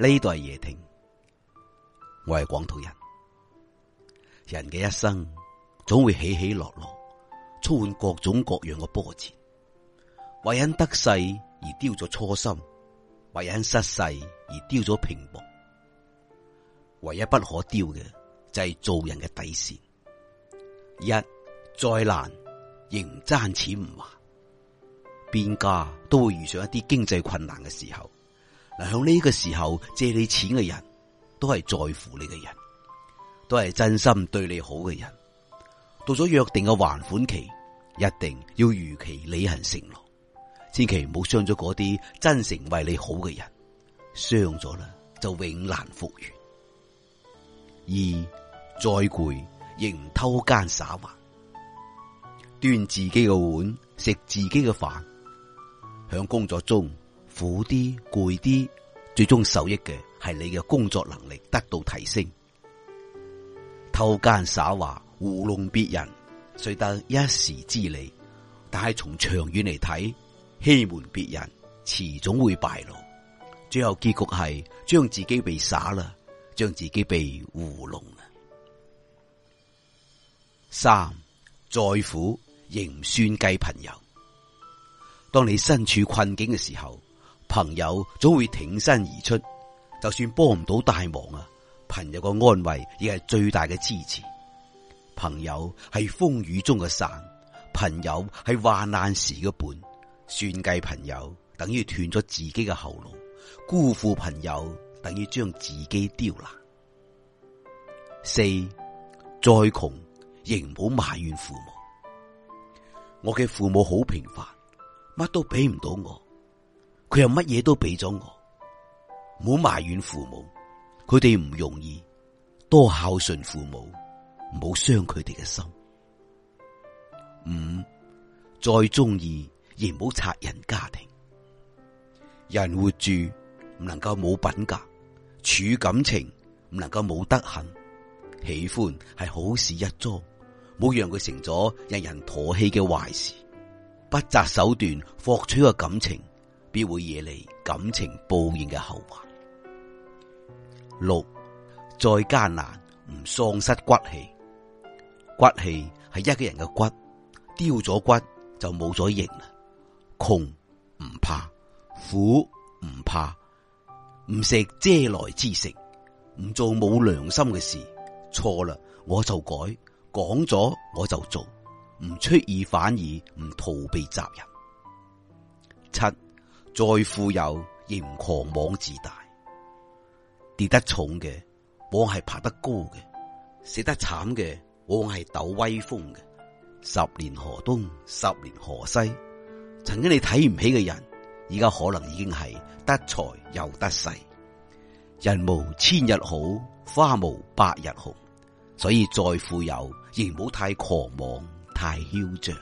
呢度係夜聽，我係廣土人。人嘅一生總會起起落落，充滿各種各樣嘅波折。為因得勢而丟咗初心，為因失勢而丟咗平博。唯一不可丟嘅就係、是、做人嘅底線。一再難仍爭錢唔還，邊家都會遇上一啲經濟困難嘅時候。喺呢個時候借你錢嘅人都係在乎你嘅人，都係真心對你好嘅人。到咗約定嘅還款期，一定要如期履行承諾，千祈唔好傷咗嗰啲真誠為你好嘅人。傷咗啦，就永難複原。二、再攰仍偷奸耍滑，端自己嘅碗，食自己嘅飯，喺工作中苦啲攰啲。最終受益嘅係你嘅工作能力得到提升。偷奸耍滑、糊弄別人，雖得一時之利，但係從長遠嚟睇，欺瞞別人遲總會敗露，最後結局係將自己被耍啦，將自己被糊弄啦。三，3. 再苦仍算計朋友，當你身處困境嘅時候。朋友總會挺身而出，就算幫唔到大忙啊，朋友嘅安慰亦係最大嘅支持。朋友係風雨中嘅傘，朋友係患難時嘅伴。算計朋友等於斷咗自己嘅喉嚨，辜負朋友等於將自己刁難。四，再窮，仍唔好埋怨父母。我嘅父母好平凡，乜都俾唔到我。佢又乜嘢都俾咗我，唔好埋怨父母，佢哋唔容易，多孝順父母，唔好傷佢哋嘅心。五，再中意，亦唔好拆人家庭。人活住唔能夠冇品格，處感情唔能夠冇德行。喜歡係好事一樁，唔好讓佢成咗人人唾棄嘅壞事，不擇手段獲取嘅感情。必會惹嚟感情報應嘅後患。六，再艱難唔喪失骨氣，骨氣係一個人嘅骨，丟咗骨就冇咗形啦。窮唔怕，苦唔怕，唔食嗟來之食，唔做冇良心嘅事。錯啦，我就改；講咗我就做，唔出爾反爾，唔逃避責任。再富有亦唔狂妄自大，跌得重嘅往往係爬得高嘅，死得慘嘅往往係抖威風嘅。十年河東，十年河西，曾經你睇唔起嘅人，而家可能已經係得財又得勢。人無千日好，花無百日紅，所以再富有仍唔好太狂妄、太囂張。